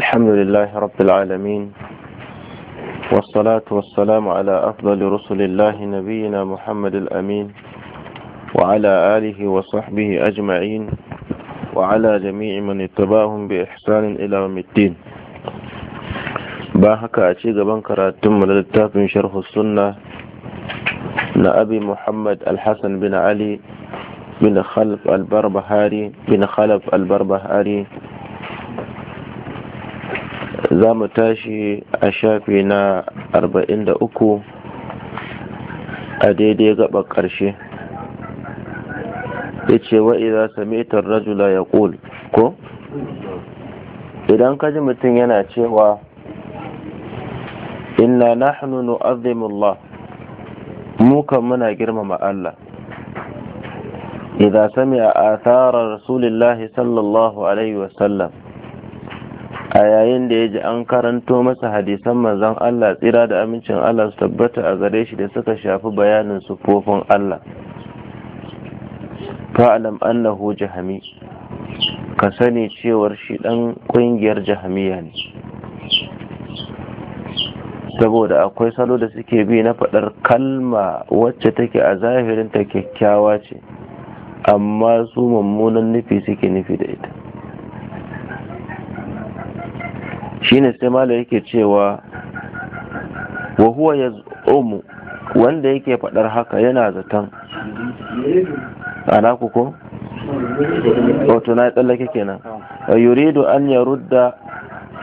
الحمد لله رب العالمين والصلاة والسلام على أفضل رسل الله نبينا محمد الأمين وعلى آله وصحبه أجمعين وعلى جميع من اتباهم بإحسان إلى يوم الدين باهك أتيق بنكر تم للتاف من شرح السنة لأبي محمد الحسن بن علي بن خلف البربهاري بن خلف البربهاري za mu tashi a shafi na 43 a daidai gaba ƙarshe ya ce wa'iza samitar rajula ya ƙul ko idan ka ji mutum yana cewa inna nahnu nu'azzimullah mu kan muna girmama Allah idan sami a asarar rasulillahi sallallahu alaihi wasallam a yayin da ya ji an karanto masa hadisan manzon Allah tsira da amincin Allah su tabbata a gare shi da suka shafi bayanin sufofin Allah fa'alam annahu jahami ka sani cewar shi ɗan ƙungiyar jahamiya ne saboda akwai salo da suke bi na faɗar kalma wacce take a zahirin ta kyakkyawa ce amma su mummunan nufi suke nufi da ita shine sai mala yake cewa wa huwa yaz'umu wanda yake faɗar haka yana zaton A ko wato na tsallake kenan yuridu an ya rudda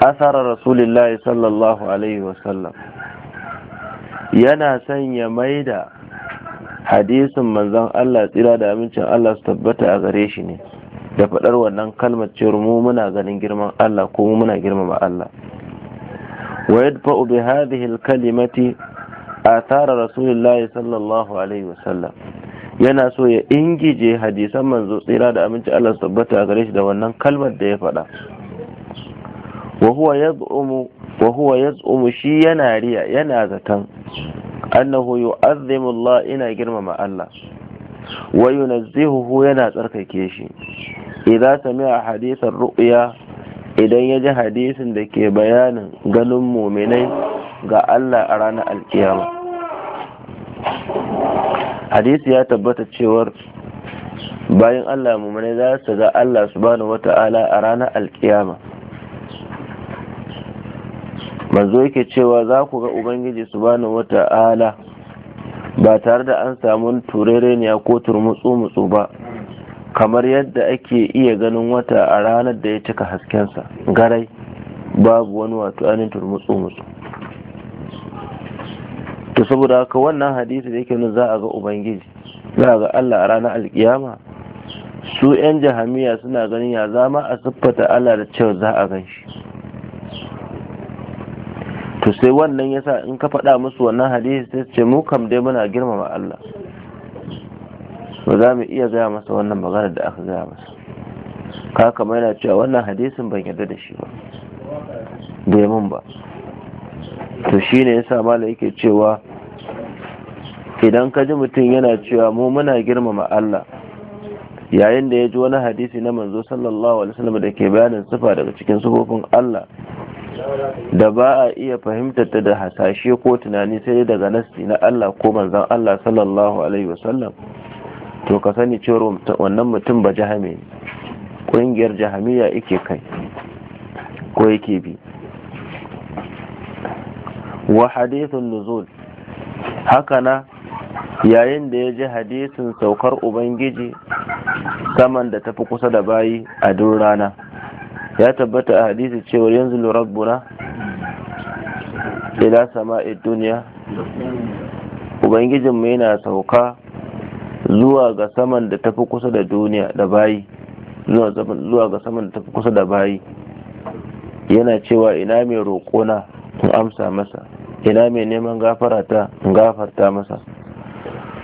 asarar rasulillahi sallallahu alaihi wasallam yana son ya maida hadisin manzon Allah tsira da amincin Allah su tabbata a gare shi ne da faɗar wannan kalmar cewar mu muna ganin girman Allah ko mu muna girmama Allah wa yadfa'u bi hadhihi al-kalimati athara rasulillahi sallallahu alaihi wa sallam, yana so ya ingije hadisan manzo tsira da aminci Allah su tabbata a gare shi da wannan kalmar da ya faɗa wa huwa yaz'umu wa huwa yad'umu shi yana riya yana zaton annahu yu'azzimu Allah ina girmama Allah wa yunazzihuhu yana tsarkake shi idza sami'a hadisin ru'ya idan ya ji hadisin da ke bayanin ganin muminai ga Allah a ranar alkiyama hadisi ya tabbata cewar bayan Allah muminai za su ga Allah subhanahu wata'ala a ranar alkiyama manzo yake cewa za ku ga ubangiji subhanahu wata'ala ba tare da an samu turereniya ko turmutsu-mutsu ba kamar yadda ake iya ganin wata a ranar da ya cika haskensa garai babu wani wato anin turmutsu musu to saboda haka wannan hadisi da yake nuna za a ga ubangiji za a ga Allah a ranar alkiyama su 'yan jahamiya suna ganin ya zama a siffata Allah da cewa za a gan shi to sai wannan yasa in ka faɗa musu wannan hadisi sai ce mu kam dai muna girmama Allah ba za mu iya gaya masa wannan maganar da aka gaya masa ka kama yana cewa wannan hadisin ban yarda da shi ba da mun ba to shi shine yasa Malam yake cewa idan ka ji mutum yana cewa mu muna girmama Allah yayin da ya ji wani hadisi na manzo sallallahu alaihi wasallam da ke bayanin sifa daga cikin sufofin Allah da ba a iya fahimtar ta da hasashe ko tunani sai daga nasti na Allah ko manzon Allah sallallahu alaihi wasallam to ka sani cewar wannan mutum ba jahame ne ƙungiyar jahamiya yake kai ko yake bi wa hadithun nuzul haka na yayin da ya ji hadisin saukar ubangiji saman da tafi kusa da bayi a duk rana ya tabbata a hadisi cewar yanzu rabbuna ila sama'i duniya ubangijinmu yana sauka zuwa ga saman da tafi kusa da duniya da bayi zuwa ga saman da tafi kusa da bayi yana cewa ina mai roƙona in amsa masa ina mai neman gafara ta gafarta masa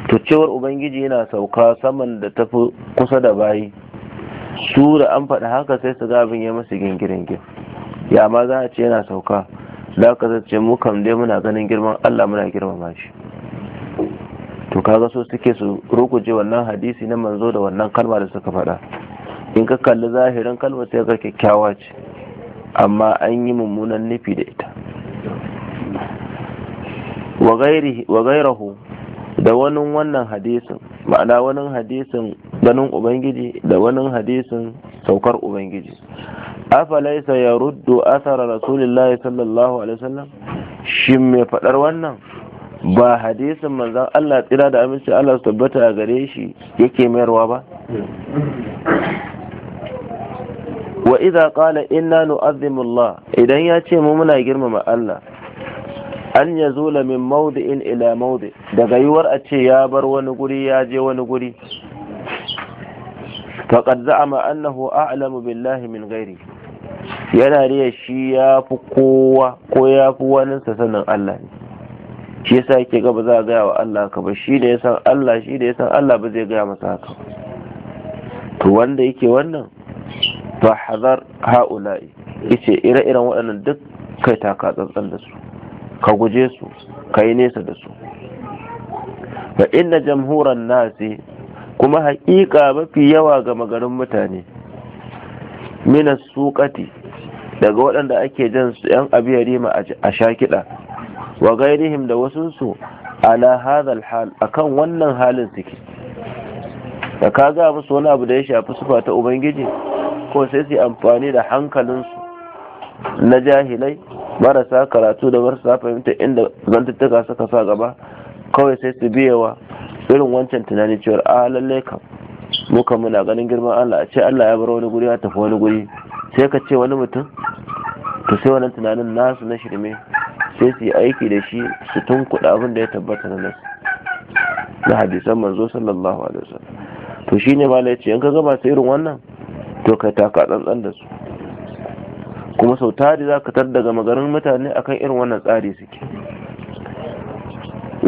to cewar ubangiji yana sauka saman da tafi kusa da bayi su da an faɗa haka sai su gabin ya masu gingirin ya ma za a ce yana sauka da aka zace mu kam dai muna ganin girman allah muna girmama shi to ga so suke su rukuje wannan hadisi na manzo da wannan kalma da suka faɗa in ka kalli zahirin kalma sai ka kyakkyawa ce amma an yi mummunan nufi da ita wa gairahu da wani wannan hadisin ma'ana wani hadisin ganin ubangiji da wani hadisin saukar ubangiji afalaisa ya ruddu asara rasulullah sallallahu alaihi wasallam shi mai faɗar wannan ba hadisin manzan Allah tsira da aminci Allah su tabbata a gare shi yake mayarwa ba wa idza qala inna nu'azzimu Allah idan ya ce mu muna girmama Allah an ya zula min in ila maudi daga yiwuwar a ce ya bar wani guri ya je wani guri faqad za'ama annahu a'lamu billahi min gairi. yana riya shi ya fi kowa ko ya fi wani sanin Allah ne shi yasa yake ga ba za a gaya wa Allah haka ba shi ne san Allah shi ne san Allah ba zai gaya masa haka to wanda yake wannan fa hazar haula'i yace ire-iren waɗannan duk kai taka tsantsan da su ka guje su ka yi nesa da su fa inna jamhuran nasi kuma haƙiƙa mafi yawa ga magarin mutane minas suƙati daga waɗanda ake jan su 'yan ma a sha kiɗa wa gairihim da wasunsu ala hadal hal akan wannan halin suke da ka ga musu wani abu da ya shafi sufa ta ubangiji ko sai su amfani da hankalinsu na jahilai marasa karatu da marasa fahimta inda tattaka suka sa gaba kawai sai su biyewa irin wancan tunani cewar a lallai kam muka muna ganin girman Allah a ce Allah ya bar wani guri ya tafi wani guri sai ka ce wani mutum to sai wannan tunanin nasu na shirme sai su yi aiki da shi su tun abin da ya tabbata na nasu na hadisan manzo sallallahu alaihi wasallam to shine ma ce, in ka gaba sai irin wannan to ka taka tsantsan da su kuma sau tari za ka tar daga maganin mutane akan irin wannan tsari suke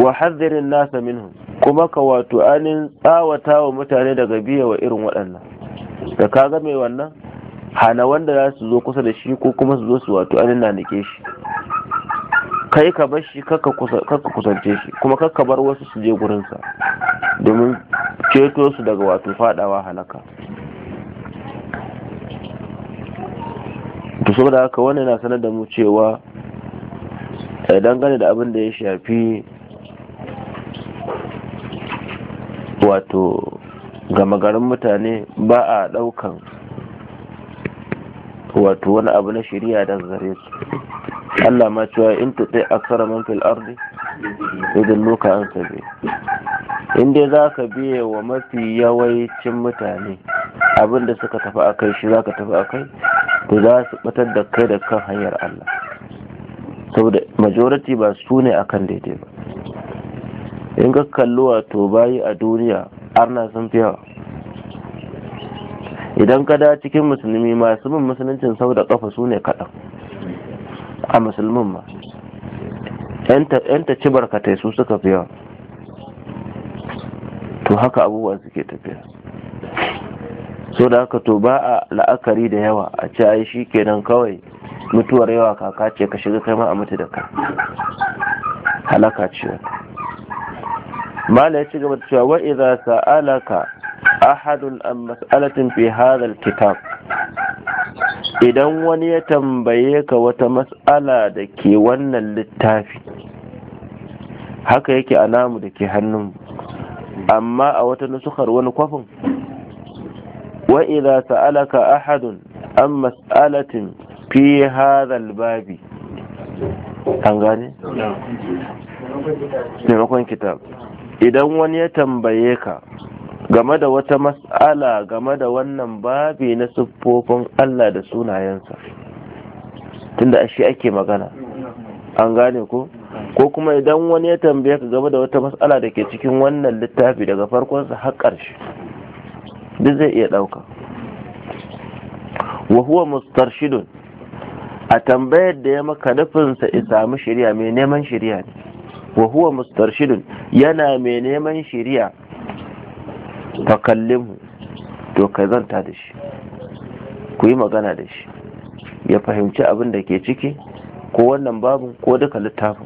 wa hadirin nasa minhum kuma ka wato anin tsawata wa mutane daga biya wa irin waɗannan da ka ga mai wannan hana wanda za su zo kusa da shi ko kuma su zo su wato anin na nike shi kai ka bar shi kakka kusance shi kuma kakka bar wasu su je gurinsa domin ceto su daga wato fadawa halaka to saboda haka wannan na sanar da mu cewa eh, dangane da abin da ya shafi wato gama garin mutane ba a daukan wato wani abu na shirya da gare su Allah ma cewa in ta tsaye aksara man fil ardi luka an sabi in dai za ka biye wa mafi yawancin mutane abin da suka tafi a kai shi za ka tafi a kai, to za su batar da kai da kan hanyar Allah saboda majority ba su ne a kan daidai ba in ka kalli wato bayi a duniya arna sun fi yawa idan ka da cikin musulmi masu bin musuluncin sau da kafa su ne kaɗan a musulmin ma yan ta ci barkatai su suka fi yawa to haka abubuwa suke tafiya so da haka to ba a la'akari da yawa a ce ai shi kenan kawai mutuwar yawa kaka ce ka shiga kai ma a mutu da ka halaka ce mala ya ci gaba da cewa wa idza sa'alaka ahadun an mas'alatin fi hadha kitab idan wani ya tambaye ka wata mas'ala da ke wannan littafi haka yake a namu da ke hannun amma a wata nusukar wani kwafin wa idza sa'alaka ahadun an mas'alatin fi hadal babi an gane kitab idan wani ya tambaye ka game da wata mas'ala game da wannan babi na siffofin Allah da sunayensa tunda ashe ake magana an gane ko ko kuma idan wani ya tambaye ka game da wata mas'ala da ke cikin wannan littafi daga farkonsa har ƙarshe duk zai iya ɗauka wa huwa mustarshidun a tambayar da ya maka nufinsa ya samu shirya mai neman shirya ne wa huwa mustarshidun yana mai neman shirya fakallimhu to ka zanta da shi ku yi magana da shi ya fahimci abin da ke ciki ko wannan babin ko duka littafin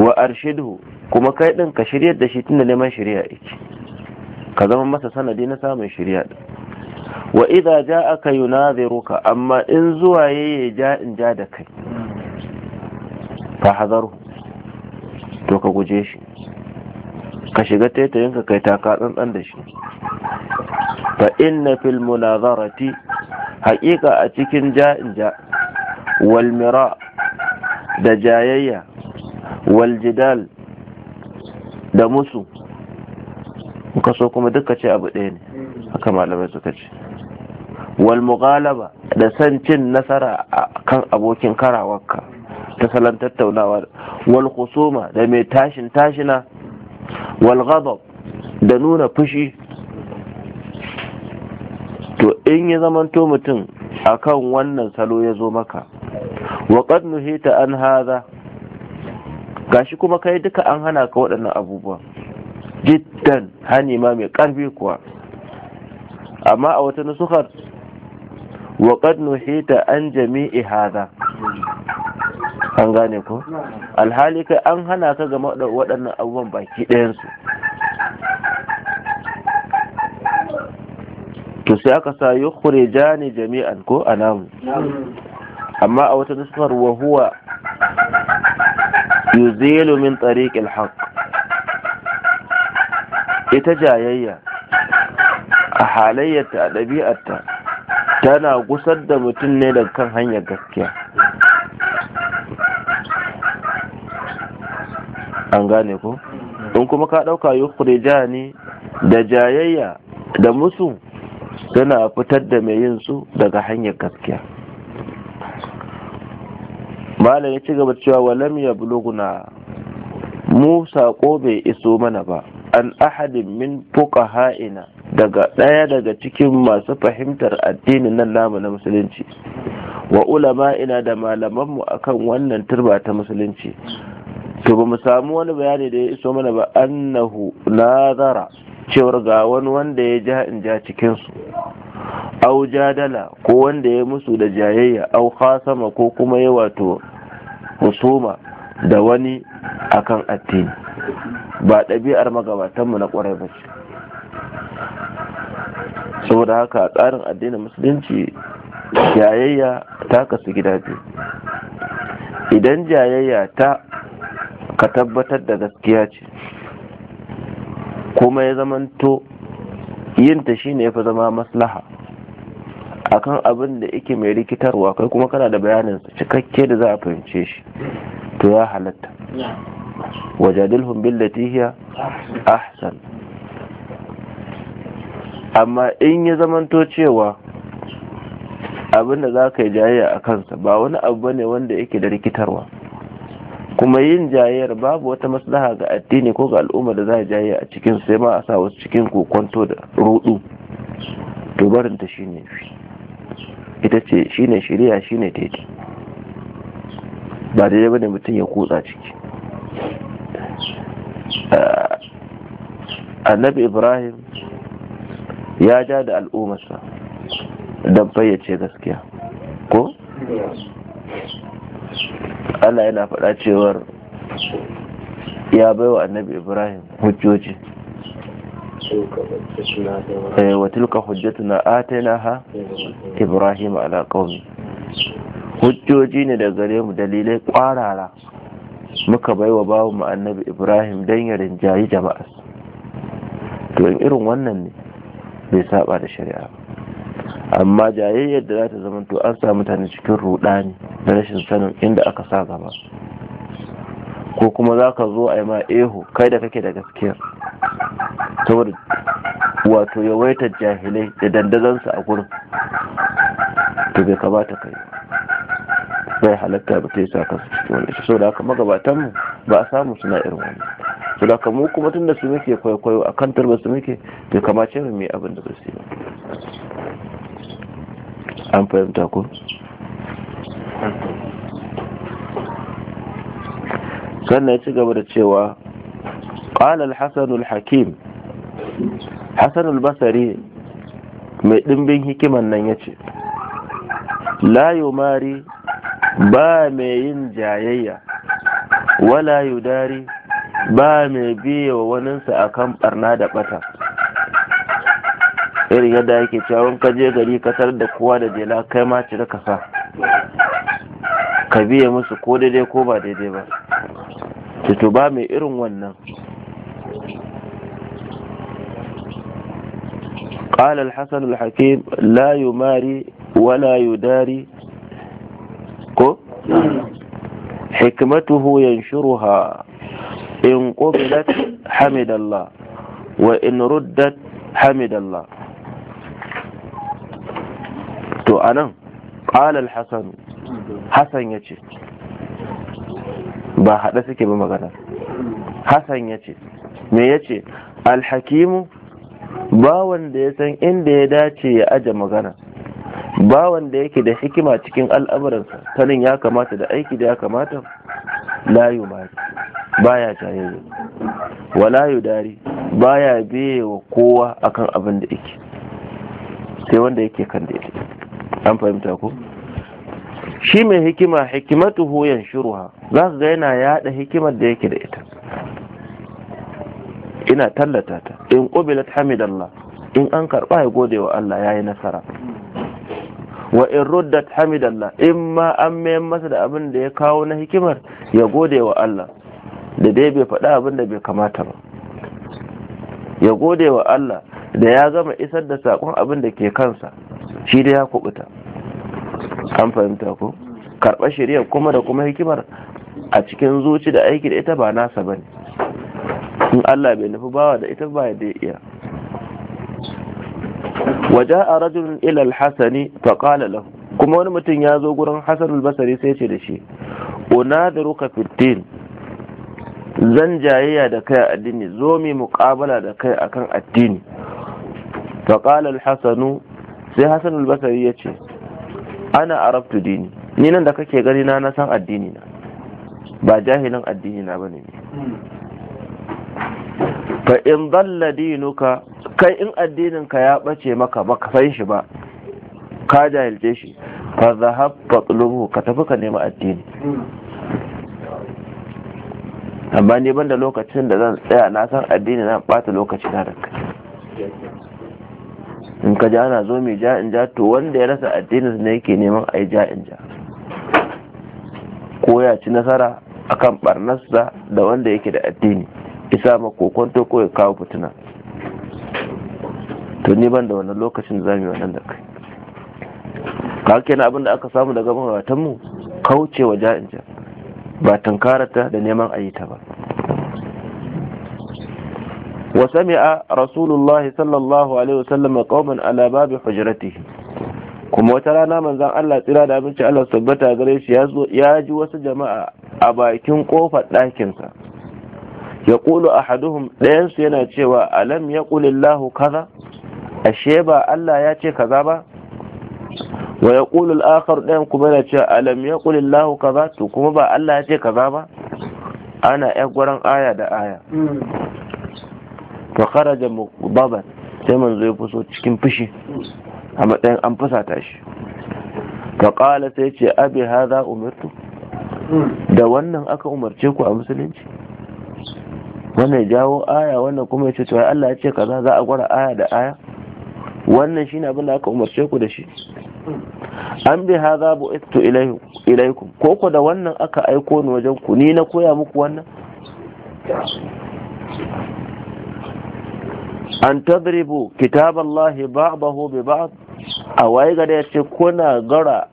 wa arshidu kuma kai din ka shirya da shi tunda neman shirya yake ka zama masa sanadi na samun shirya din wa idza ja'aka yunaziruka amma in zuwa yayi ja in ja da kai fa hazaru to ka guje shi ka shiga ka kai taka tsantsan da shi fa inna fil munazarati haƙiƙa a cikin ja'inja wal mira da jayayya wal jidal da musu ka so kuma duka ce abu ɗaya ne haka malamai suka ce wal mughalaba da san cin nasara kan abokin karawarka ta salon tattaunawa wal khusuma da mai tashin tashina والغضب da nuna fushi to in ya zamanto mutum akan wannan salo ya zo maka wa qad nuhita an hadha gashi kuma kai duka an hana ka waɗannan abubuwa jiddan hani ma mai ƙarfi kuwa amma a wata nusukar wa qad nuhita an jami'i hadha an gane ko alhali kai an hana ka game da waɗannan abubuwan baki ɗayansu to sai aka sa yi jani jami'an ko a amma a wata nusfar wa huwa yuzilu min tariqil haqq ita jayayya a halayyarta a ɗabi'arta tana gusar da mutum ne daga kan hanyar gaskiya an gane ko in kuma ka ɗauka yukhrija ne da jayayya da musu suna fitar da mai yin su daga hanyar gaskiya malam ya ci gaba cewa walam ya buluguna mu saƙo bai iso mana ba an ahadin min fuka ha'ina daga ɗaya daga cikin masu fahimtar addinin nan namu na musulunci wa ulama ina da malamanmu akan wannan turba ta musulunci to ba mu samu wani bayani da ya iso mana ba annahu nazara cewar ga wani wanda ya ja in ja cikinsu au jadala ko wanda ya musu da jayayya au khasama ko kuma ya wato husuma da wani akan addini ba ɗabi'ar magabatanmu na ƙwarai ba ce saboda haka a tsarin addinin musulunci jayayya ta kasu gida biyu idan jayayya ta ka tabbatar da gaskiya ce kuma ya zamanto yinta shine ya fi zama maslaha akan abin da yake mai rikitarwa kai kuma kana da bayanin bayaninsa cikakke da za a fahimce shi to ya halatta da billati hiya ahsan amma in ya zamanto cewa abinda da za ka yi jayayya a kansa ba wani abu ne wanda yake da rikitarwa kuma yin jayayyar babu wata maslaha ga addini ko ga al'umma da za a jayayya a cikin sai ma a sa wasu cikin kokonto da rudu to barin ta shine ita ce shine shirya shine daidai ba daidai bane mutum ya kutsa ciki ah, annabi ibrahim ya ja da al'ummarsa don fayyace gaskiya ko Allah yana faɗa cewar ya baiwa annabi ibrahim hujjoji eh, hujjatu na Atena ha ibrahim ala hujjoji ne da gare mu dalilai ƙwarara muka baiwa wa mu annabi ibrahim dan ya rinjayi jama'a to irin wannan ne bai saba da shari'a amma jayayyar da za ta zama to an sa mutane cikin rudani da rashin sanin inda aka sa gaba ko kuma za ka zo a yi ma ehu kai da kake da gaskiya saboda wato yawaitar jahilai da dandazansu a gurin to bai kamata kai bai halatta ba ta yi sa kansu cikin wani sau da haka magabatanmu ba a samu suna irin wani so da haka mu kuma tunda su muke kwaikwayo a kan tarbar su muke bai kamace mu mai abin da ba su yi an fahimta ko sannan ya ci gaba da cewa ƙalal hassanul hakim hassanul basari mai ɗimbin hikiman nan ya ce layu mari ba mai yin jayayya wala yudari ba mai biya wa waninsa a kan barna da ɓata irin yadda yake cewa wani kaje gari kasar da kowa da jela kai ma cire kasa ka biya musu ko daidai ko ba daidai ba tutu ba mai irin wannan ƙala alhassan alhakim layu mari wa layu dari ko hikmatu huyen shuru ha in ƙobi dat hamidallah wa in ruddat hamidallah A nan, ƙalal Hassan, hasan ya ce ba haɗa suke ba magana hasan ya ce me ya ce alhakimu ba wanda ya san inda ya dace ya aje magana ba wanda yake da hikima cikin al'amuransa sanin ya kamata da aiki da ya kamata layu mari baya jayayya wa layu dari baya biye wa kowa akan abin da yake sai wanda yake kan yake an fahimta ko shi mai hikima hikimatuhu yanshuruha za su ga yana yada hikimar da yake da ita ina tallata ta in qubilat hamidallah in an karɓa ya gode wa Allah ya yi nasara wa in ruddat hamidallah in ma an mayan masa da abin da ya kawo na hikimar ya gode wa Allah da dai bai faɗa abin da bai kamata ba ya gode wa Allah da ya gama isar da saƙon abin da ke kansa shi da ya kubuta an fahimta ko karɓar shari'a kuma da kuma hikimar a cikin zuci da aiki da ita ba nasa ba ne in Allah bai nufi bawa da ita ba da iya waje rajulun ila hasani fa qala kuma wani mutum ya zo gurin hasan albasari sai ce da shi unadaruka fitin zan jayayya da kai a addini zo mi muqabala da kai akan addini fa qala hasanu sai hassan albasari ya ce ana arabtu dini ni nan da kake gani na na san addini na ba jahilin addini na bane ne fa in dalla dinuka kai in addinin ka ya bace maka ba ka san shi ba ka jahilce shi fa zahab fatluhu ka tafi ka nemi addini amma ni banda lokacin da zan tsaya na san addini na bata lokaci na da kai in ka ja ana zo mai ja in ja to wanda ya rasa addinin ne yake neman a yi ja in ja ko ya ci nasara akan barnarsa da wanda yake da addini isa ma kokonto ko ya kawo fitina to ni ban da wannan lokacin za mu yi wannan da kai ka kenan abin da aka samu daga mawatanmu? Kauce wa ja in ja ba tankarata da neman a yi ta ba وسمع رسول الله صلى الله عليه وسلم قوما على باب حجرته kuma wata rana manzan Allah tsira da abinci Allah tabbata gare shi ya ji wasu jama'a a bakin kofar ɗakinsa ya ƙulu a ɗayansu yana cewa alam ya ƙulillahu kaza ashe ba Allah ya ce kaza ba wa ya ƙulu al'akar ɗayan kuma yana cewa alam ya ƙulillahu kaza to kuma ba Allah ya ce kaza ba ana ƴan gwaran aya da aya fa kharaja muqdaban sai manzo ya fuso cikin fushi a matsayin an fusata shi fa qala sai ce abi hadha umirtu da wannan aka umarce ku a musulunci wannan jawo aya wannan kuma ya ce cewa Allah ya ce kaza za a gwara aya da aya wannan shine abin da aka umarce ku da shi an bi hadha bu'istu ilaikum ko ko da wannan aka aiko ni wajen ku ni na koya muku wannan an tadribu kitaballahi ba'dahu bi ba'd a waye gada ya ce kuna gara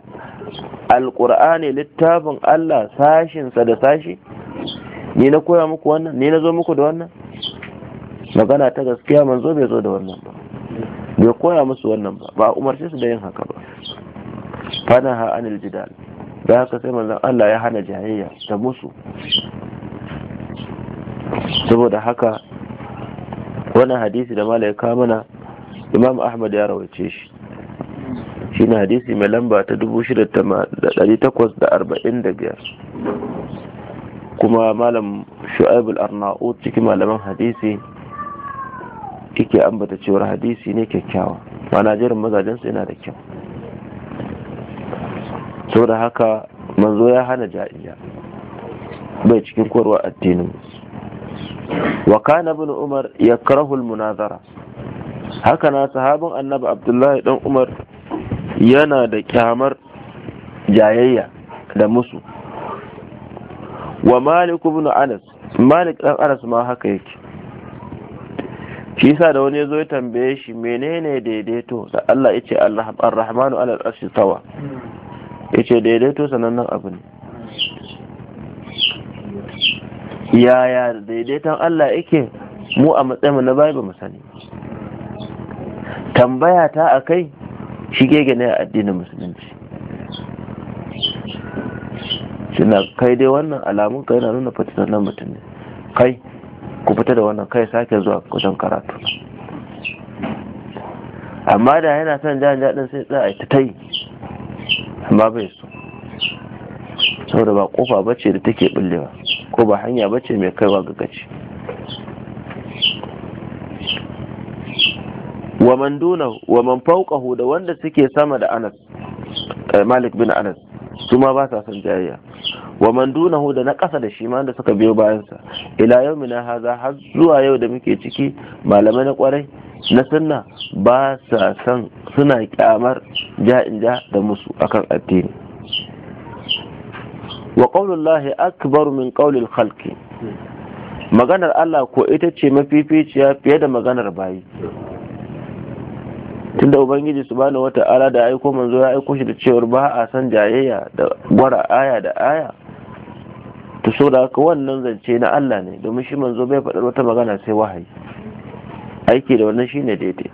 alqur'ani littafin Allah sashinsa da sashi ni na koya muku wannan ni na zo muku da wannan magana ta gaskiya manzo bai zo da wannan ba bai koya musu wannan ba ba umarce su da yin haka ba ha anil jidal da haka sai manzon Allah ya hana jayayya da musu saboda haka Wani hadisi da mala ya kawo mana imam ahmad ya rawace shi Shi shine hadisi mai lamba ta 6845 kuma malam shu'aib al cikin malaman hadisi yake ambata cewar hadisi ne kyakkyawa mana jerin mazajensu yana da kyau saboda haka manzo ya hana ja'iya bai cikin korwa addinin wa kana ibn umar ya karahul munazara haka na sahabin annabi abdullahi dan umar yana da kyamar jayayya da musu wa malik ibn anas malik dan anas ma haka yake shi yasa da wani yazo ya tambaye shi menene daidaito da Allah yace Allah ar-rahmanu ala al-arshi tawa yace daidaito sanannen abu ne yaya daidaiton Allah yake mu a matsayin na bai ba mu sani tambaya ta a kai shi ke gane addinin musulunci suna kai dai wannan alamun kai na nuna fata nan mutum ne kai ku fita da wannan kai sake zuwa wajen karatu amma da yana son jan jaɗin sai za a ta tai amma bai so saboda ba kofa bace da take bullewa ko ba hanya bace mai kaiwa ga gaci wa man duna, wa man fauqahu da wanda suke sama da Anas eh, Malik bin Anas su ma ba sa son jayayya wa man hu da na ƙasa da shi ma da suka biyo bayansa ila na haza har zuwa yau da muke ciki malamai na kwarai na sunna ba sa son suna kyamar ja'in ja da musu akan addini wa lahi akbar min qaulil halki. maganar Allah ko ita ce mafificiya fiye da maganar bayi tunda ubangiji su wata ala da aiko manzo ya aiko shi da cewar ba a san jayayya da gwara aya da aya to so da haka wannan zance na Allah ne domin shi manzo bai faɗar wata magana sai wahayi aiki da wannan shine daidai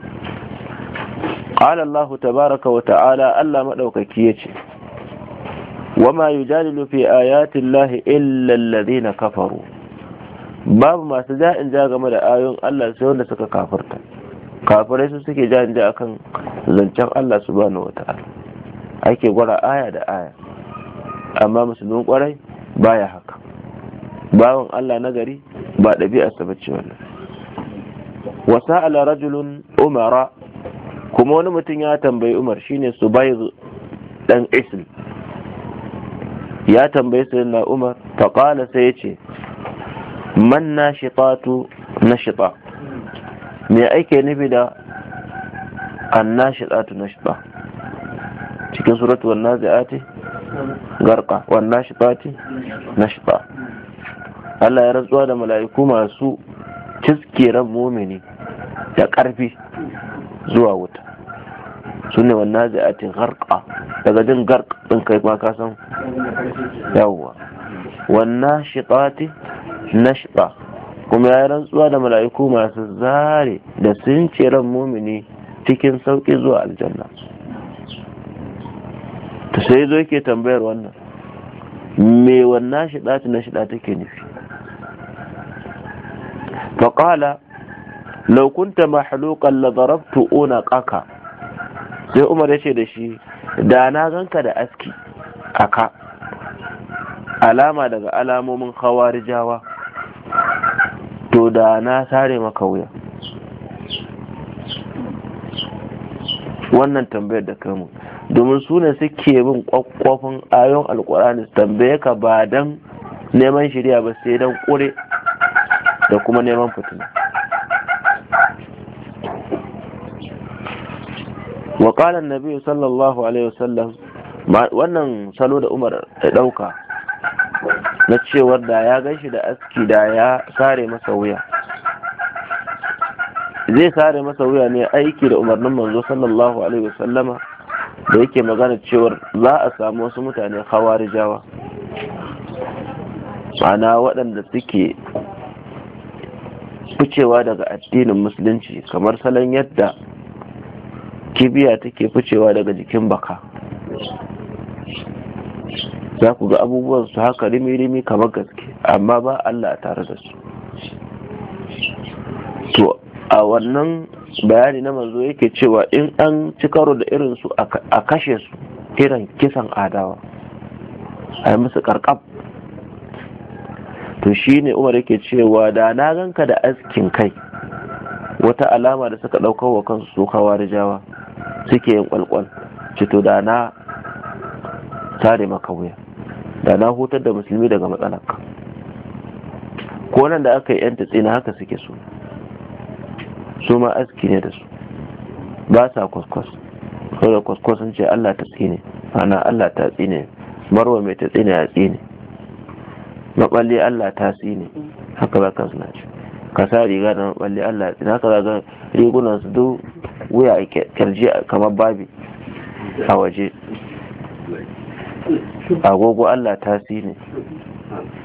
qala tabaraka wa ta'ala Allah ya yace wama yujadilu fi ayatin lahi illallazi na kafaru babu masu ja'in ja game da ayoyin Allah sai wanda suka kafarta kafirai su suke ja'in ja akan zancen Allah subhanahu wata'ala ake gwara aya da aya amma musulmin kwarai baya haka bawan Allah na gari ba ɗabi'arsa bace wannan wasa'ala rajulun umara kuma wani mutum ya tambayi umar shine subayz dan isl ya tambaye sayyidina umar faqala sai ya ce man na shi shiqatu na shi ba me ake nufi da an na shi shiqatu na shi ba cikin suratu wan shi garqa na shi ba Allah ya rantsuwa da mala'iku masu ciskiran mumini da ƙarfi zuwa wuta su ne wannan zai'atin harka daga jin gark ɗin kai ma ka san yawwa wannan shiƙati na shiƙa kuma ya rantsuwa da mala'iku masu zare da sun ce ran mumini cikin sauƙi zuwa aljanna ta sai zo ke tambayar wannan me wannan shiɗa na shiɗa take nufi faƙala laukunta kunta mahluqan la ƙaka. sai umar ya ce da shi da na ganka da aski a ka, alama daga alamomin hawarijawa to da na sare maka wuya wannan tambayar da mu. domin su ne suke bin kwakwafin ayon alkurani su tambaye ka ba don neman shirya ba sai don kure da kuma neman fitina وقال النبي صلى الله عليه وسلم wannan salo da Umar ya dauka na cewar da ya gashi da aski da ya sare masa wuya zai sare masa wuya ne aiki da umarnin manzo sallallahu alaihi wasallama da yake magana cewar za a samu wasu mutane jawa, ma'ana waɗanda suke ficewa daga addinin musulunci kamar salon yadda kibiya take ficewa daga jikin baka za ku ga abubuwan su haka rimi-rimi kamar gaske amma ba Allah tare da su to a wannan bayani na manzo yake cewa in an ci karo da irin su a kashe su irin kisan adawa a yi musu karkab to shi ne umar yake cewa da na ganka da askin kai wata alama da suka ɗaukar wa kansu su da jawa suke yin kwalkwal cito da na sare maka wuya da na hutar da musulmi daga matsalaka ko nan da aka yi yan tsina haka suke so su ma aski ne da su ba sa kwaskwas saboda kwaskwas sun ce Allah ta tsine ana Allah ta tsine marwa mai ta tsine ya tsine maɓalli Allah ta tsine haka ba ka suna ce ka sa riga da balle Allah ya tsina ka ga rigunan su duk wuya a kirji kamar babi a waje agogo Allah ta ne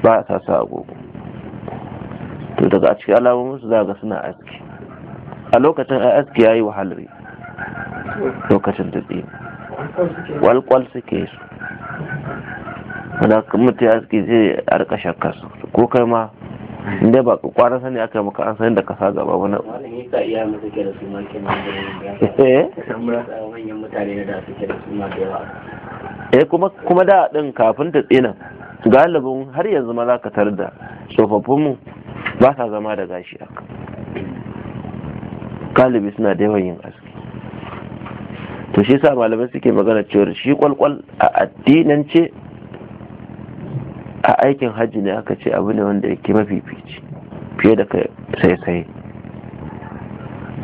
ba a sa agogo to daga cikin alamomin su za ga suna aski a lokacin a aski yi wahalari lokacin da tsini walkwal suke su wadda mutum aski zai arka shakka su ko kai ma in dai ba kwaran sani aka maka an sani da ka sa gaba eh? wani eh kuma kuma da din kafin ta tsina galibin har yanzu ma za ka tar da tsofaffin mu ba sa zama da gashi haka galibi suna da yawan yin aski to shi sa malamai suke magana cewa shi kwalkwal a addinance a aikin hajji ne aka ce abu ne wanda yake mafifici fiye da sai sai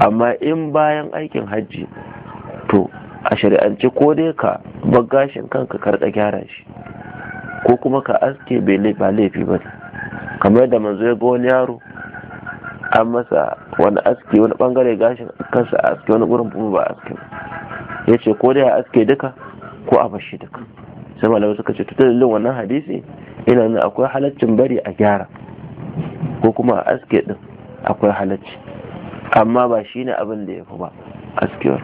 amma in bayan aikin hajji to a shari'ance ko dai ka bar gashin kanka karɗa gyara shi ko kuma ka aske ba laifi ba ne kamar da manzo ya ga wani yaro an masa wani aske wani bangare gashin kansa a aske wani gurin kuma ba a aske ya ce ko dai a aske duka ko a bashi duka sai malamai suka ce tutar dalilin wannan hadisi ina nan akwai halaccin bari a gyara ko kuma a aske din akwai halacci amma ba shi ne abin da ya fi ba askewar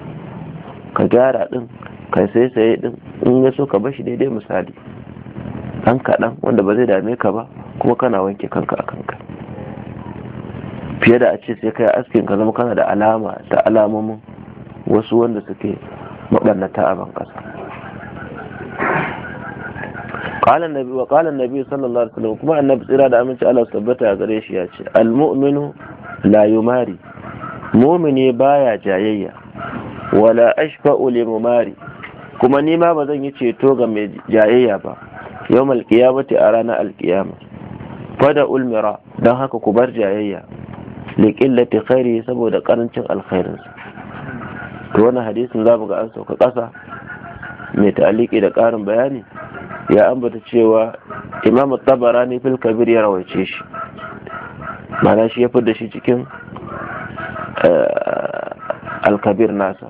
ka gyara din ka sai saye din in ya so ka bashi daidai misali ɗan kaɗan wanda ba zai dame ka ba kuma kana wanke kanka a kanka fiye da a ce sai kai askin ka zama kana da alama ta alamomin wasu wanda suke maɓannata a ban ƙasa قال النبي وقال النبي صلى الله عليه وسلم كما tsira da aminci Allah tabbata a gare shi ya ce almu'minu la yumari mu'mini baya jayayya wala ashfa'u li mumari kuma ni ma ba zan yi ceto ga mai jayayya ba yawmal qiyamati a ranar alqiyama fada ulmira dan haka ku bar jayayya li qillati khairi saboda karancin alkhairin to wannan hadisin mu ga an sauka kasa mai ta'aliki da karin bayani ya ambata cewa imam ne fil kabir ya rawace shi mana shi ya da shi cikin eh, alkabir nasa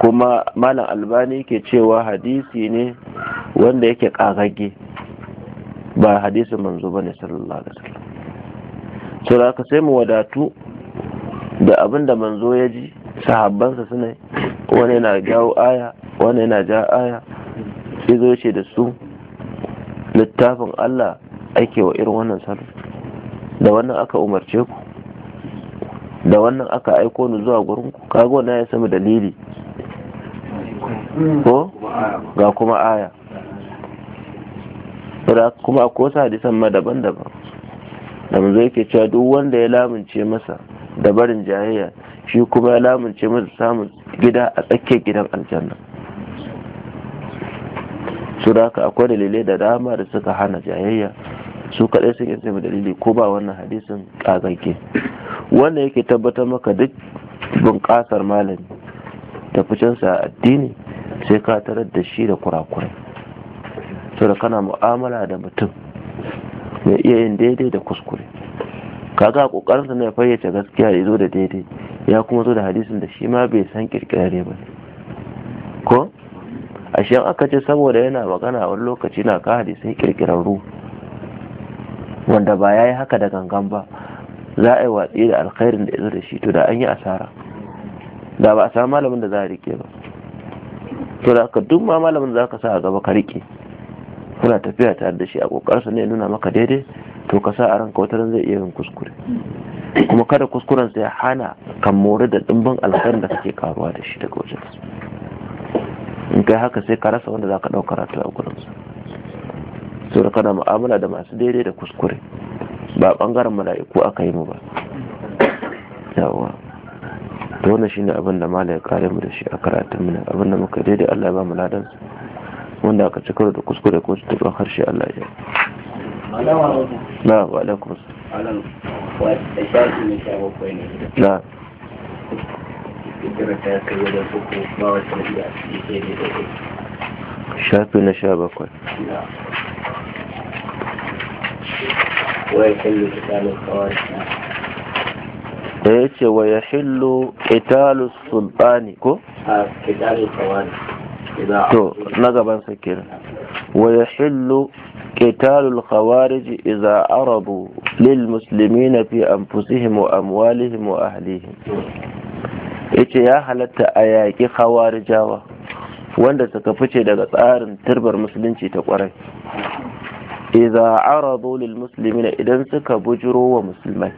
kuma malam albani ke cewa hadisi ne wanda yake kagage ba hadisi manzo bane sallallahu alaihi wasallam da aka sai mu wadatu da abin da manzo ya ji sahabbansa suna wani yana jawo aya wani na ja aya sai zo ce da su littafin Allah ake wa irin wannan salo da wannan aka umarce ku da wannan aka aiko ni zuwa gurin ku kaga wannan ya sami dalili ko ga kuma aya kuma akwai wasu hadisan ma daban-daban da manzo yake cewa duk wanda ya lamunce masa da barin jayayya shi kuma ya lamunce masa samun gida a tsakiyar gidan aljanna su da akwai dalilai da dama da suka hana jayayya su kaɗai sun yin mai dalili ko ba wannan hadisin ƙazanke wanda yake tabbatar maka duk bunƙasar malami da ficensa a addini sai ka tarar da shi da kurakurai da kana mu'amala da mutum mai iya yin daidai da kuskure kaga kokarinsa na ya fayyace gaskiya ya zo da daidai ya kuma zo da hadisin da shi ma bai san kirkirare ba ko ashe aka ce saboda yana magana wani lokaci na ka kirkirar kirkirarru wanda ba ya yi haka da gangan ba za a yi watsi da alkhairin da ya da shi to da an yi asara da ba a samu malamin da za a rike ba to da ka duk ma malamin za ka sa a gaba ka rike kuna tafiya tare da shi a kokarsa ne nuna maka daidai to ka sa a ranka wata zai iya yin kuskure kuma kada kuskuren sai hana kan mori da dimbin alkhairin da kake karuwa da shi daga wajen in kai haka sai ka rasa wanda za ka ɗauka karatu a gurin su da kana mu'amala da masu daidai da kuskure ba ɓangaren mala'iku aka yi mu ba yawa to wannan ne abin da mala ya kare mu da shi a karatun mu abin da muka daidai Allah ya ba mu ladan wanda aka ci karo da kuskure ko tuba harshe Allah ya na alaikum na shafi na sha bakwai da ya ce wa ya hillo italus sultani ko? to na gaban sakirin wa ya hillo italu khawariji iza arabu lil musulmi na fi amfusihim wa amwalihim wa ahlihim ya ce ya halatta a yaƙi hawarijawa wanda suka fice daga tsarin turbar musulunci ta ƙwarai iza arado lil muslimina idan suka bujiro wa musulmai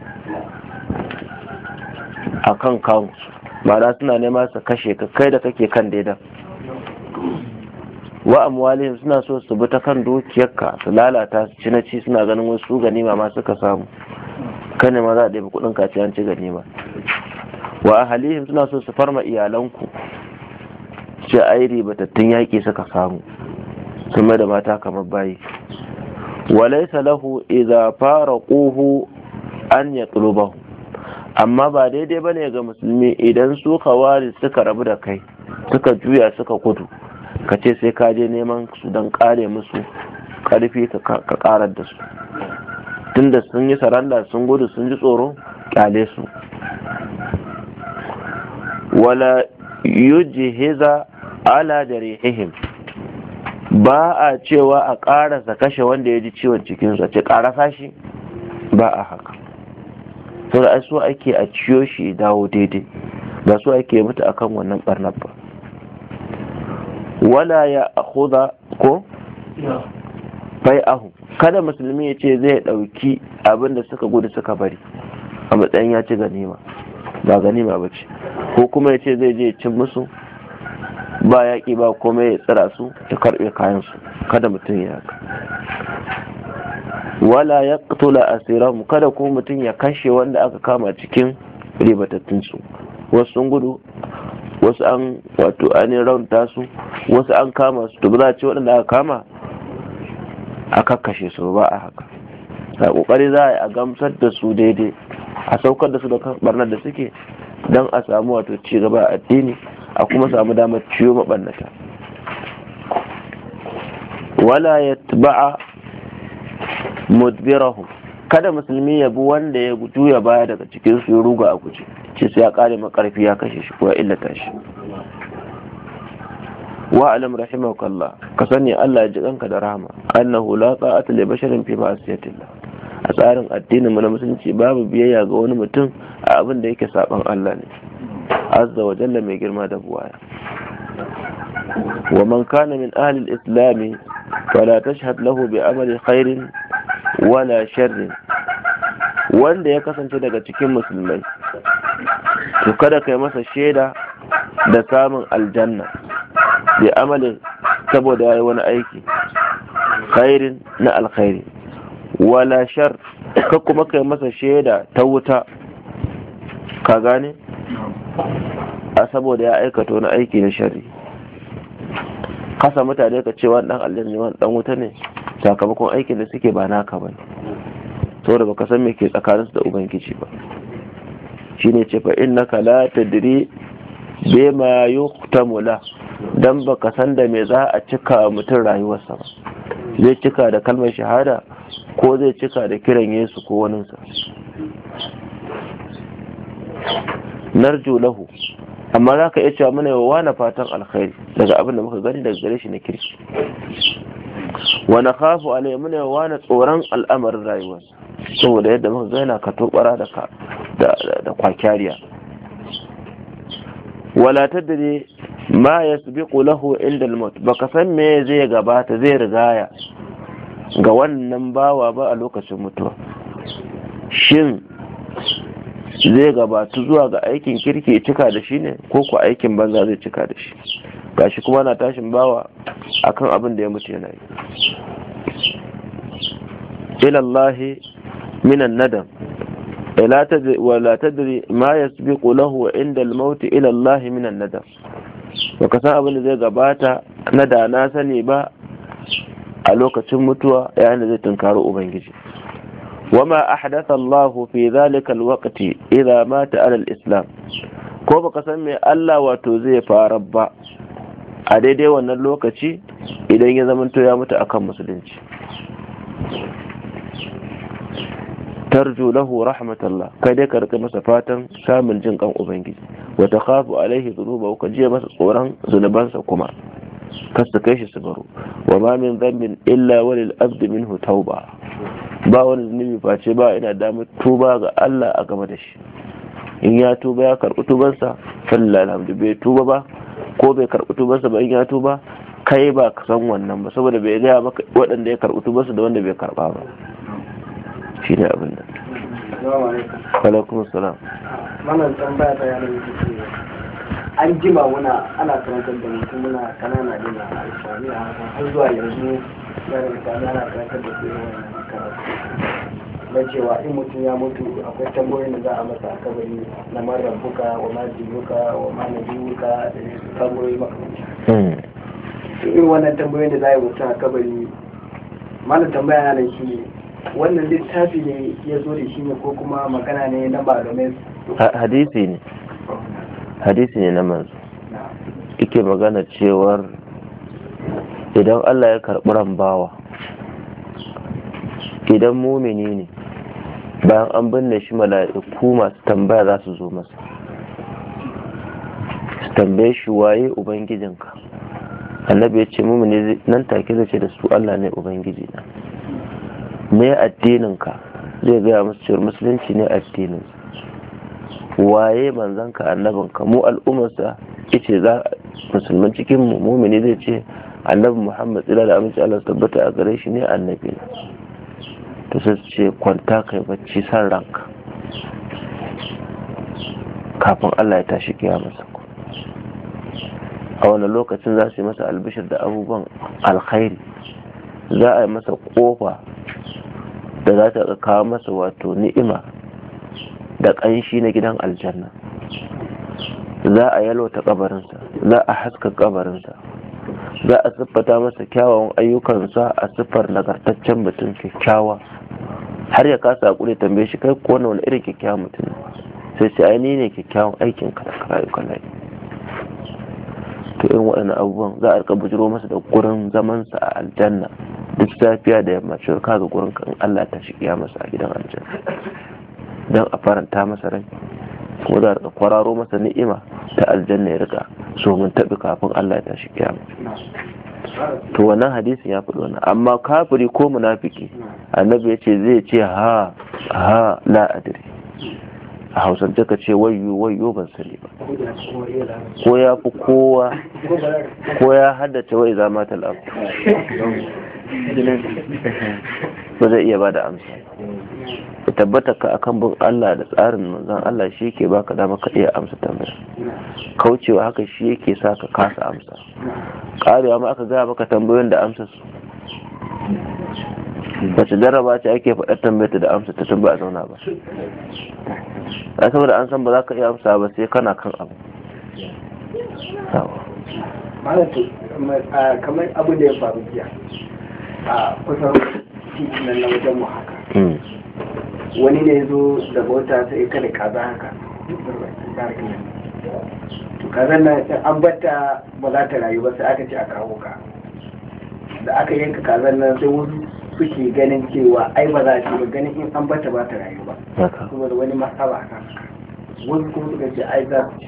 a kan kansu ma'ana suna nema su kashe ka kai da kake kan daidan wa amwalihim suna so su bi ta kan dukiyarka su lalata su ci suna ganin wasu ganima ma suka samu kane ma za a ɗebi kuɗin kaci ci ganima wa ahalihim suna so su farma iyalanku ce ai batattun yaƙi suka samu sun mai da mata kamar bayi laisa lahu idza fara ƙuhu an ya tsurubahu amma ba daidai ba ne ga musulmi idan su kawari suka rabu da kai suka juya suka kudu ka ce sai ka je neman su don kare musu karfi ka karar da su tunda sun yi saranda sun gudu sun ji tsoro ƙyale su wala yujhiza ala jarihihim ba a cewa a ƙarasa kashe wanda ya ji ciwon cikinsa ce karasa shi ba a haka da so ake a ciyo shi dawo daidai ba so ake mutu akan wannan barnar ba wala ya huza ko bai ahu kada musulmi ya ce zai ɗauki abin da suka gudu suka bari a matsayin ya ci ganima ba ganima ba ce ko kuma ya ce zai je cin musu ba yaƙi ba komai ya tsira su ya karɓe kayansu kada mutum ya haka wala ya tula asiran kada ko mutum ya kashe wanda aka kama cikin ribatattunsu wasu sun gudu wasu an wato an raunta su wasu an kama su to ba za a ce waɗanda aka kama a kakkashe su ba a haka ta kokari za a gamsar da su daidai a saukar da su da barnar da suke don a samu wato ci gaba a addini a kuma samu damar ciwo mabannata wala ya ba'a mudbirahu kada musulmi ya bi wanda ya ya baya daga cikin su ruga a guje ce sai ya kare makarfi ya kashe shi ko ya illata shi wa alam rahimakallah ka sani Allah ya ji kanka da rahama annahu la ta'ata li basharin fi ma'siyatillah a tsarin addinin mu na musulunci babu biyayya ga wani mutum a abin da yake saban Allah ne azza wa jalla mai girma da buwaya wa man kana min ahli al-islam fala tashhad lahu bi amali khairin wala sharrin wanda ya kasance daga cikin musulmai to kada kai masa shaida da samun aljanna bi amalin saboda yayi wani aiki khairin na alkhairi wala shar ka kuma kai masa shaida ta wuta ka gane a saboda ya aikata wani aiki na shari kasa mutane ka ce wani dan aljanna wani dan wuta ne sakamakon aikin da suke ba naka ba ne saboda baka san me ke tsakaninsu da ubangiji ba shine ce fa innaka la tadri bima yuqtamu dan baka san da me za a cika mutum rayuwarsa ba zai cika da kalmar shahada ko zai cika da kiran yesu ko waninsa narju lahu amma za ka iya cewa muna yawa na fatan alkhairi daga abin da muka gani daga gare shi na kirki wani na kafu alai muna yawa na tsoron al'amar rayuwa saboda yadda muka gani na ka tobara da kwakiyariya wala ta ma ya subiqu lahu inda baka san me zai gabata zai rigaya ga wannan bawa ba a lokacin mutuwa shin zai gabatu zuwa ga aikin kirki cika da shi ne ko ku aikin banza zai cika da shi gashi kuma na tashin bawa akan abin da ya mutu yana yi ilallahi minan nadam wala eh, tadri ma yasbiqu lahu inda al-maut ila Allah ba ka san abin da zai gabata na da na sani ba a lokacin mutuwa yayin da zai tunkari ubangiji wama ahdatha Allah fi zalika alwaqti idha mata ala islam ko ba ka san me Allah wato zai fara ba a daidai wannan lokaci idan ya zamanto ya mutu akan musulunci tarju lahu rahmatullah kai dai ka rika masa fatan samun jin kan ubangiji wa takhafu alaihi dhunuba ka jiya masa tsoron zunubansa kuma kasta kai shi subaru wa ma min dhanbin illa walil abdi minhu tauba ba wani zunubi face ba ina damar tuba ga Allah a gaba da shi in ya tuba ya karɓi tubansa fallah alhamdu bai tuba ba ko bai karɓi tubansa ba in ya tuba kai ba ka san wannan ba saboda bai gaya maka waɗanda ya karɓi tubansa da wanda bai karba ba shi ne abin da alaikum salam wannan tambaya ta yanar gizo an jima muna ana karantar da mutum muna kanana ne na islamiya har zuwa yanzu yaran ta ana karantar da kuma wannan karatu na cewa in mutum ya mutu akwai tambayoyin da za a masa a kabari na marar buka wa ma jibuka wa ma nabibuka da tambayoyi makamanci hmm. irin wannan tambayoyin da za a yi mutum a kabari mana tambaya na shi wannan littafi ne ya zo da shi ne ko kuma magana ne na malamai hadisi ne hadisi ne na manzo ike magana cewar idan Allah ya karɓi rambawa idan mumini ne bayan an binne shi mala'iku masu tambaya za su zo masa su tambaye shi waye ubangijinka annabi ya ce mumini nan take zace da su Allah ne ubangiji na me addinin ka zai gaya masu cewar musulunci ne addinin waye manzon ka annabin ka mu al'ummarsa yace za musulman cikin mu mumini zai ce annabi Muhammad tsira da aminci Allah tabbata a gare shi ne annabi to sai ce kwanta kai bacci san ranka kafin Allah ya tashi kiyamarsa a wani lokacin za su yi masa albishir da abubuwan alkhairi za a yi masa kofa da za ta kawo masa wato ni'ima da ƙanshi na gidan aljanna za a yalwata kabarinsa za a haska ƙabarinsa. za a siffata masa kyawawan ayyukansa a siffar nagartaccen mutum kyakkyawa har ya kasa hakuri tambaye shi kai ko wani irin kyakkyawan mutum sai sai ai ne kyakkyawan aikin ka da ayyukan to waɗannan abubuwan za a rika bujiro masa da gurin zamansa a aljanna duk safiya da yamma cewa ga gurin kan Allah ta shi masa a gidan aljanna dan a faranta masa rai ko da rika kwararo masa ni'ima ta aljanna ya rika so mun tabi kafin Allah ya tashi kiyama to wannan hadisin ya faɗi wannan amma kafiri ko munafiki annabi ya ce zai ce ha ha la adri a hausance jaka ce wayo wayo ban sani ba ko ya fi kowa ko ya haddace wai zama talabtu ba zai iya ba da amsa ka tabbata ka akan bin Allah da tsarin manzon Allah shi yake baka dama ka iya amsa tambaya kaucewa haka shi yake sa ka kasa amsa karewa ma aka gaya maka tambayoyin da amsa su wace jarraba ce ake faɗar tambayarta da amsa ta tun ba a zauna ba a saboda an san ba za ka iya amsa ba sai kana kan abu kamar abu da ya faru jiya a kusan titin na wajen mu haka hmm. wani ne zo da bauta sai kada kaza haka to kazan nan an batta ba za ta rayu ba sai aka ce a kawo ka da aka yanka kazan nan sai wasu suke ganin cewa ai ba za ta ba ganin in an batta ba ta rayu ba kuma da wani matsala kan wasu kuma suka ce ai za su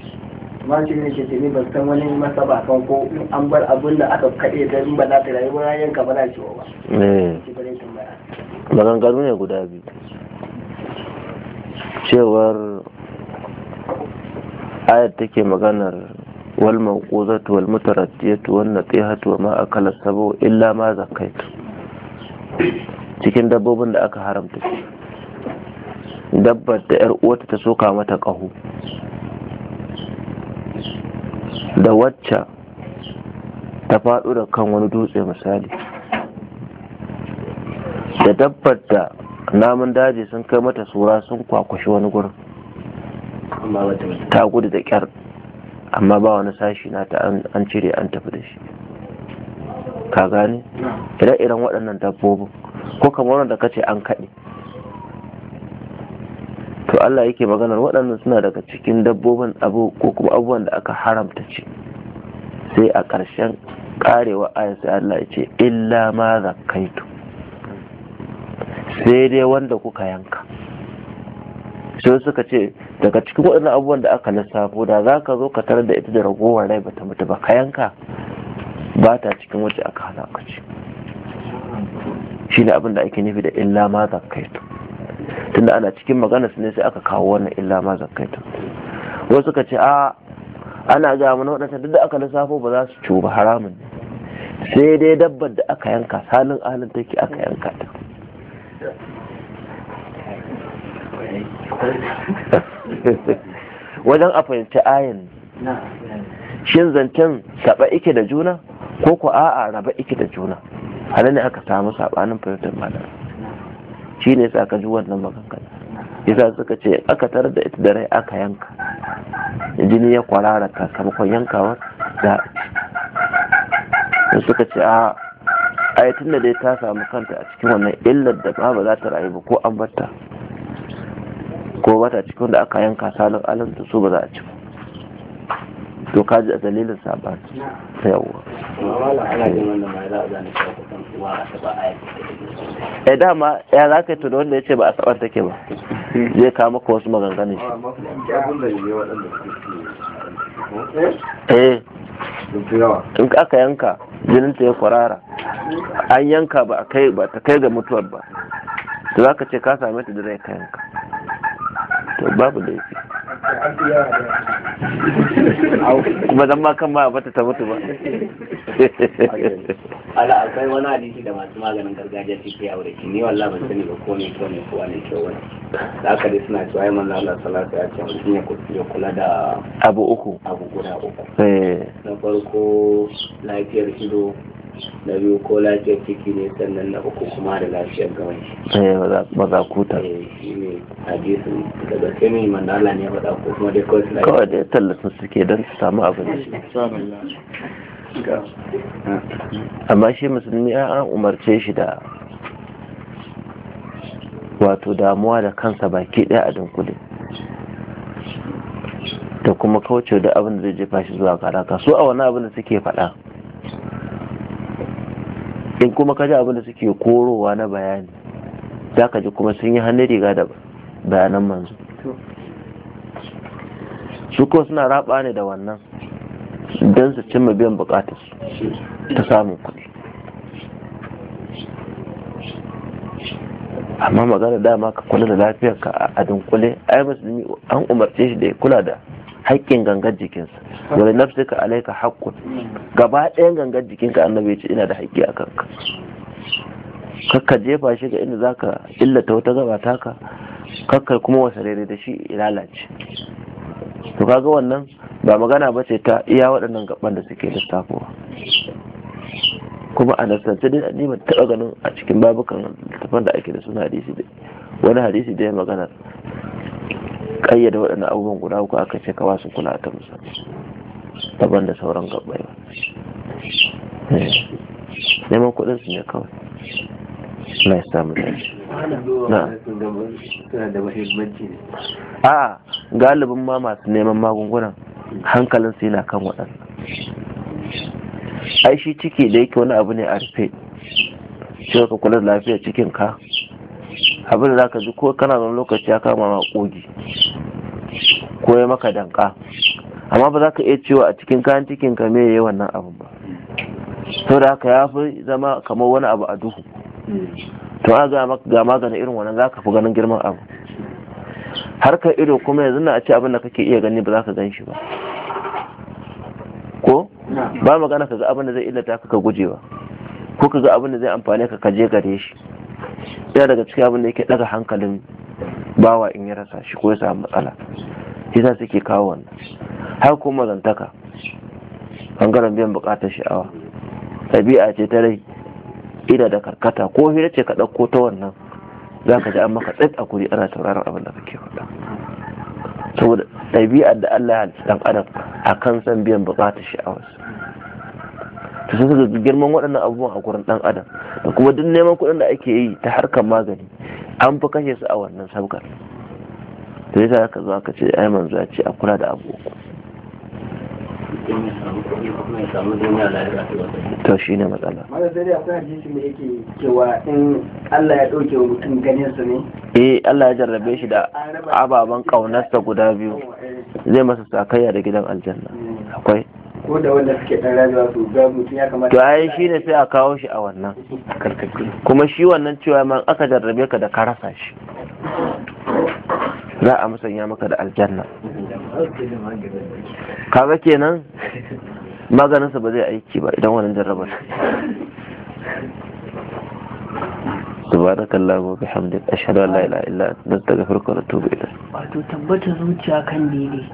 mashin ne ke tuni ban san wani masa ba kan ko an bar abin da aka kaɗe da in ba za ta rayu ba yanka ba na ciwo ba. Eh. maganganu ne guda biyu cewar ayat take maganar wal mawquzatu wal mutaraddiyatu wan natihatu wa ma akala sabu illa ma zakaitu cikin dabbobin da aka haramta dabbar da yar uwarta ta soka mata ƙaho da wacce ta faɗo da kan wani dutse misali da dabbar da namun daji sun kai mata tsura sun kwakwashe wani gurin ta gudu da kyar amma ba wani sashi na ta an cire an tafi da shi ka gane ire-iren waɗannan dabbobin ko kamar wanda ka ce an kaɗe to Allah yake maganar waɗannan suna daga cikin dabbobin abu ko kuma abubuwan da aka haramta ce sai a ƙarshen ƙarewa ayan sai Allah ya ce illa ma zakaitu sai dai wanda kuka yanka sai suka ce daga cikin waɗannan abubuwan da aka lissafo da za ka zo ka tarar da ita da ragowar rai bata mutu ba ka yanka ba ta cikin wacce aka hana ka ce shi ne abin da ake nufi da illa ma zakaitu tunda ana cikin magana su ne sai aka kawo wannan illa ma zakaita wasu suka ce a ana ga mana waɗanda duk da aka lissafo ba za su ciwo ba haramun sai dai dabbar da aka yanka halin alin take aka yanka ta wajen a fahimci ayin shin zancen saba ike da juna ko ku a'a raba ike da juna hana ne aka samu sabanin fahimtar malamai shi ne sa ka ji wannan maganganu yasa suka ce aka tar da ita da rai aka yanka jini ya kwarara sakamakon yankawar da suka ce a ayatun da dai ta samu kanta a cikin wannan illar da ba za ta rayu ba ko an batta ko bata cikin da aka yanka salon alamta su ba za a ci ba to ka ji a dalilin sabat ta yawa eh dama ya za ka tuno wanda ya ce ba a saban take ba zai kama ka wasu maganganun eh in aka yanka jinin ta ya kwarara an yanka ba a kai ba ta kai ga mutuwar ba to za ka ce ka same ta da ka yanka to babu laifi ba zan ma kan b'a bata ta mutu ba ala akwai wani hadisi da masu maganin gargajiya suke yawo da shi ni wallahi ban sani ba ko ne ko ne ko ne ko wani da aka dai suna cewa ai na Allah sallallahu ya ce mutum ya kula da abu uku abu guda uku eh. na farko lafiyar ido na biyu ko lafiyar ciki ne sannan na uku kuma da lafiyar gaban shi eh ba za ku ta eh shine hadisin da gaske ne manzo Allah ne ya faɗa kuma dai kawai lafiya kawai dai tallafin suke don su samu abin da amma shi musulmi ya an umarce shi da wato damuwa da kansa baki daya a dunkule da kuma kauce da abin da zai jefa shi zuwa karaka su a wani abin da suke faɗa in kuma ka ji abin da suke korowa na bayani za ka ji kuma sun yi hannun riga da bayanan manzo su kuma suna raba ne da wannan don su cimma biyan bukatar ta samun kuɗi amma magana dama ka kula da lafiyar ka a dunkule ai musulmi an umarce shi da ya kula da haƙƙin gangar jikinsa wani nafsika alaika haƙƙun gaba ɗayan gangar jikinka annabi ya ce ina da haƙƙi a kanka kakka jefa shi ga inda zaka illata wata gaba taka kakka kuma rere da shi lalace to kaga wannan ba magana ba ce ta iya waɗannan gaban da suke lissafowa kuma a nasarce dai a taɓa ganin a cikin babukan littafan da ake da suna hadisi wani hadisi da ya magana kayyada waɗannan abubuwan guda uku aka ce ka su kula ta musamman daban da sauran gabbai eh. neman kuɗin su ne kawai na ya samu da ne a galibin ma masu neman magungunan hankalin su yana kan waɗannan ai shi ciki da yake wani abu ne a rufe cewa ka kula da lafiyar cikinka abin da zaka ji ko kana zama lokaci ya kama ma kogi ko ya maka danka amma ba za ka iya cewa a cikin kayan cikin ka yi wannan abin ba da haka ya fi zama kamar wani abu a duhu to a ga maganin irin wannan za ka fi ganin girman abu har ka ido kuma yanzu na a ce abin da kake iya gani ba za ka gan shi ba ko ba magana ka ga abin da zai illata ka ka guje ba ko ka ga abin da zai amfane ka ka je gare shi yana daga cikin abin da yake daga hankalin bawa in ya rasa shi ko ya samu matsala sa suke kawo wannan har kuma mazantaka bangaren biyan bukatar sha'awa ɗabi'a ce ta rai ina da karkata ko hira ce ka ɗauko ta wannan za ka ji an maka tsit a kuri ana sauraron abin da kake faɗa saboda ɗabi'ar da Allah ya halitta adam a kan san biyan buƙatar sha'awa su sai girman waɗannan abubuwan a gurin ɗan adam da kuma duk neman kuɗin da ake yi ta harkar magani an fi kashe su a wannan sabgar to ya aka zo ka ce ai manzo ya ce a kula da abu uku to shi ne matsala eh Allah ya jarrabe shi da ababen ƙaunarsa guda biyu zai masa sakayya da gidan aljanna mm. akwai ko da wanda suke dan rayuwa su ga mutum ya kamata to ai shi ne sai a kawo shi a wannan kuma shi wannan cewa man aka jarrabe ka da ka rasa shi za a musanya maka da aljanna kaga kenan maganinsa ba zai aiki ba idan wannan jarrabar subhanaka allahumma wa bihamdika ashhadu an la ilaha illa anta astaghfiruka wa atubu ilayk wato tabbata zuciya kan daidai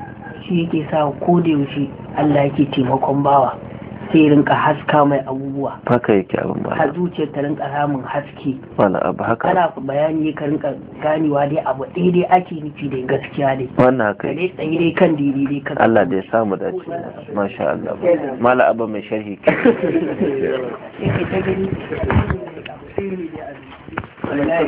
shi yake sa ko da yaushe Allah yake taimakon bawa sai rinka haska mai abubuwa haka yake abin ba har zuciyar ta rinka samun haske wala abu haka kana bayani ka rinka ganewa dai abu ɗaya dai ake nufi da gaskiya dai wannan haka ne tsaye dai kan daidai dai kan Allah da ya samu dace masha Allah mala abu mai sharhi ke ta gani